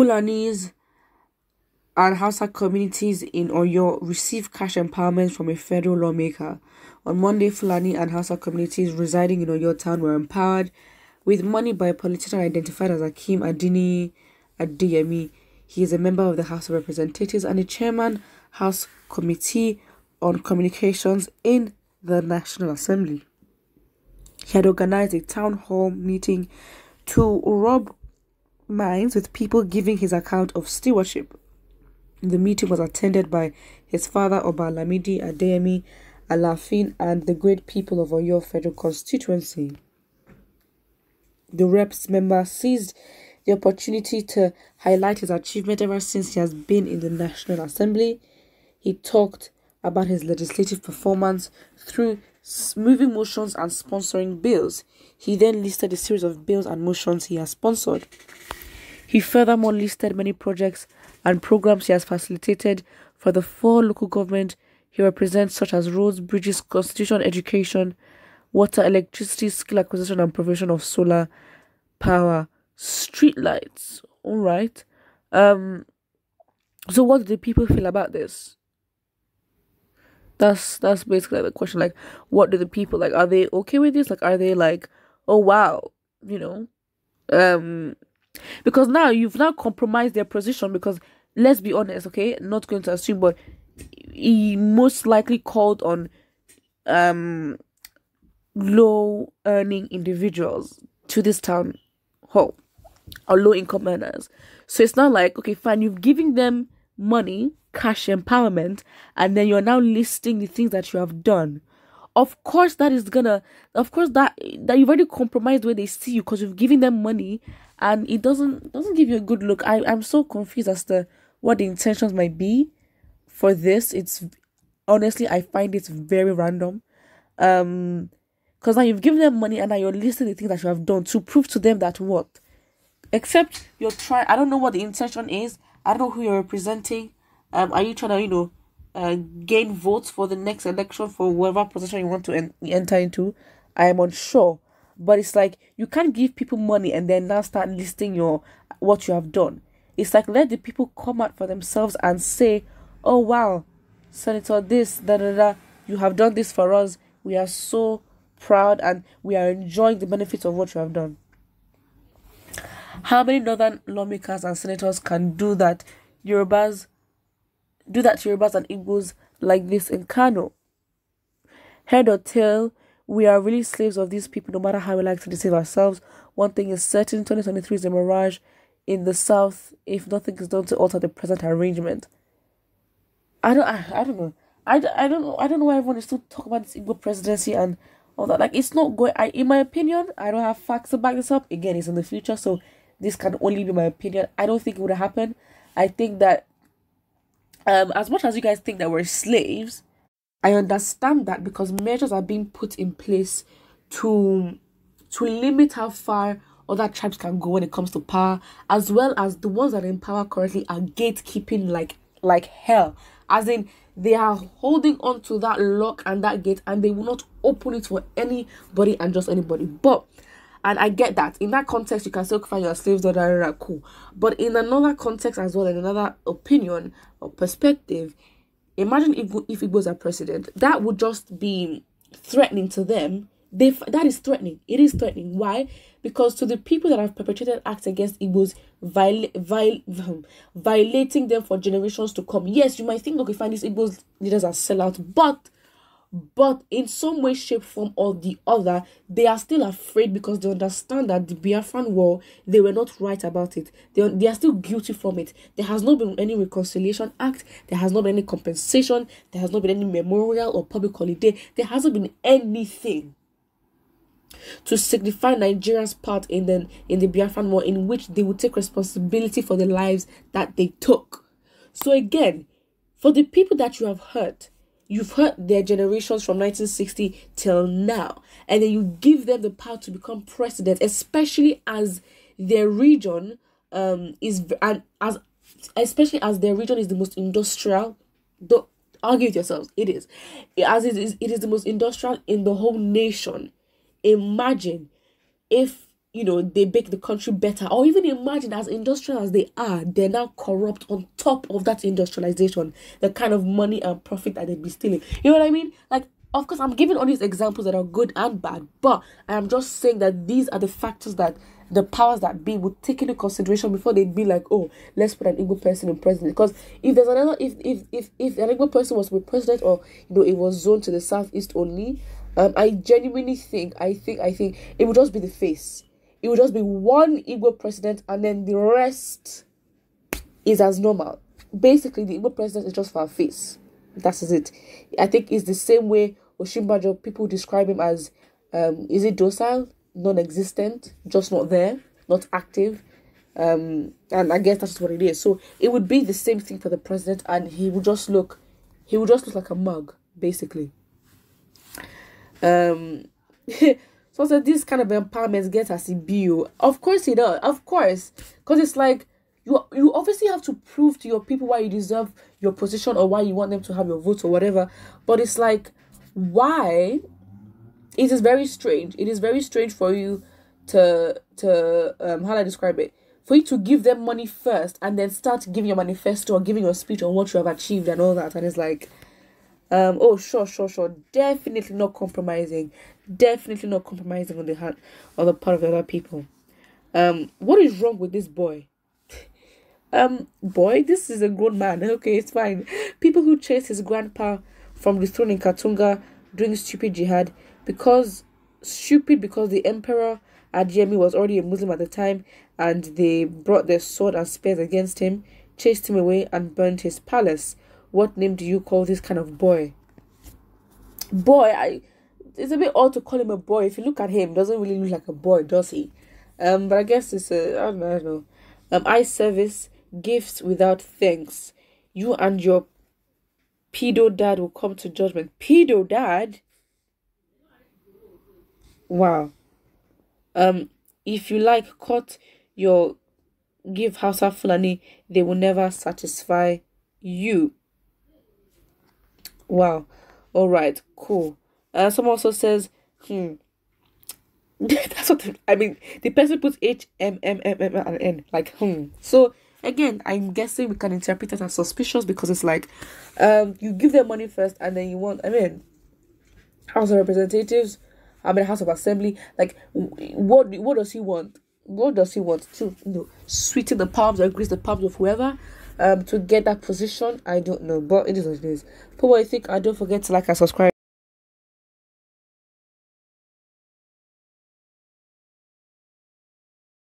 Fulanis and Hausa communities in Oyo received cash empowerment from a federal lawmaker. On Monday, Fulani and Hausa communities residing in Oyo town were empowered with money by a politician identified as Akim Adini Adeyemi. He is a member of the House of Representatives and the chairman House Committee on Communications in the National Assembly. He had organized a town hall meeting to rob minds with people giving his account of stewardship. The meeting was attended by his father Obalamidi Adeyemi Alafin and the great people of Oyo Federal Constituency. The reps member seized the opportunity to highlight his achievement ever since he has been in the National Assembly. He talked about his legislative performance through moving motions and sponsoring bills. He then listed a series of bills and motions he has sponsored. He furthermore listed many projects and programs he has facilitated for the four local government he represents such as roads, bridges, constitution, education, water, electricity, skill acquisition and provision of solar power, streetlights. All right. Um so what do people feel about this? That's that's basically like the question like what do the people like are they okay with this? Like are they like oh wow, you know? Um because now you've now compromised their position because let's be honest, okay? Not going to assume, but he most likely called on um low earning individuals to this town hall or low income earners. So it's not like, okay, fine, you've given them money, cash empowerment, and then you're now listing the things that you have done of course that is gonna of course that that you've already compromised when they see you because you've given them money and it doesn't doesn't give you a good look i i'm so confused as to what the intentions might be for this it's honestly i find it very random um because now you've given them money and now you're listing the things that you have done to prove to them that what except you're trying i don't know what the intention is i don't know who you're representing um are you trying to you know uh, gain votes for the next election for whatever position you want to en- enter into. I am unsure, but it's like you can't give people money and then now start listing your what you have done. It's like let the people come out for themselves and say, "Oh wow, Senator, this da da da, you have done this for us. We are so proud and we are enjoying the benefits of what you have done." How many northern lawmakers and senators can do that? Yorubas do that to Yorubas and Igbos like this in Kano. Head or tail, we are really slaves of these people no matter how we like to deceive ourselves. One thing is certain 2023 is a mirage in the South if nothing is done to alter the present arrangement. I don't, I, I don't know. I, I don't know. I don't know why everyone is still talking about this Igbo presidency and all that. Like, it's not going. I, in my opinion, I don't have facts to back this up. Again, it's in the future, so this can only be my opinion. I don't think it would happen. I think that um, as much as you guys think that we're slaves, I understand that because measures are being put in place to to limit how far other tribes can go when it comes to power, as well as the ones that are in power currently are gatekeeping like like hell. As in they are holding on to that lock and that gate and they will not open it for anybody and just anybody. But and I get that. In that context, you can still find your slaves, that are cool. But in another context as well, in another opinion or perspective, imagine if, if was a president. That would just be threatening to them. They That is threatening. It is threatening. Why? Because to the people that have perpetrated acts against Igbos, viola- viol- violating them for generations to come, yes, you might think, okay, fine, these Igbos leaders are sellouts, but but in some way shape form or the other they are still afraid because they understand that the biafran war they were not right about it they, they are still guilty from it there has not been any reconciliation act there has not been any compensation there has not been any memorial or public holiday there hasn't been anything to signify Nigeria's part in the in the Biafran war in which they would take responsibility for the lives that they took. So again, for the people that you have hurt, You've hurt their generations from 1960 till now. And then you give them the power to become president, especially as their region um, is, and as especially as their region is the most industrial, don't argue with yourselves, it is. As it is, it is the most industrial in the whole nation. Imagine if you know they make the country better or even imagine as industrial as they are they're now corrupt on top of that industrialization the kind of money and profit that they'd be stealing you know what i mean like of course i'm giving all these examples that are good and bad but i am just saying that these are the factors that the powers that be would take into consideration before they'd be like oh let's put an igbo person in president because if there's another if if if, if an igbo person was president or you know it was zoned to the southeast only um, I genuinely think, I think, I think it would just be the face it will just be one Igbo president and then the rest is as normal. Basically, the Igbo president is just for a face. That is it. I think it's the same way Oshimbajo, people describe him as, um, is it docile, non-existent, just not there, not active. Um, and I guess that's what it is. So it would be the same thing for the president and he would just look, he would just look like a mug, basically. Um, So I said this kind of empowerment gets as a bill. Oh. Of course it does. Of course. Because it's like you you obviously have to prove to your people why you deserve your position or why you want them to have your vote or whatever. But it's like why it is very strange. It is very strange for you to to um how do I describe it? For you to give them money first and then start giving your manifesto or giving your speech on what you have achieved and all that. And it's like um, oh sure, sure, sure, definitely not compromising, Definitely not compromising on the hand on the part of the other people. Um, what is wrong with this boy? um, boy, this is a grown man. Okay, it's fine. People who chased his grandpa from the throne in Katunga doing stupid jihad because stupid because the emperor Ajemi was already a Muslim at the time and they brought their sword and spears against him, chased him away, and burned his palace. What name do you call this kind of boy? Boy, I it's a bit odd to call him a boy. If you look at him, doesn't really look like a boy, does he? Um, but I guess it's a I don't know. I don't know. Um, I service gifts without thanks. You and your pedo dad will come to judgment. Pedo dad. Wow. Um, if you like, cut your give of Fulani. They will never satisfy you. Wow. All right. Cool. Uh, someone also says, hmm. That's what I mean. The person puts H M M M M and N like hmm. So again, I'm guessing we can interpret it as suspicious because it's like, um, you give them money first and then you want. I mean, House of Representatives, I mean House of Assembly. Like, what what does he want? What does he want to you know, sweeten the palms or grease the palms of whoever? Um, to get that position, I don't know, but it is what it is. But what I think, I don't forget to like and subscribe.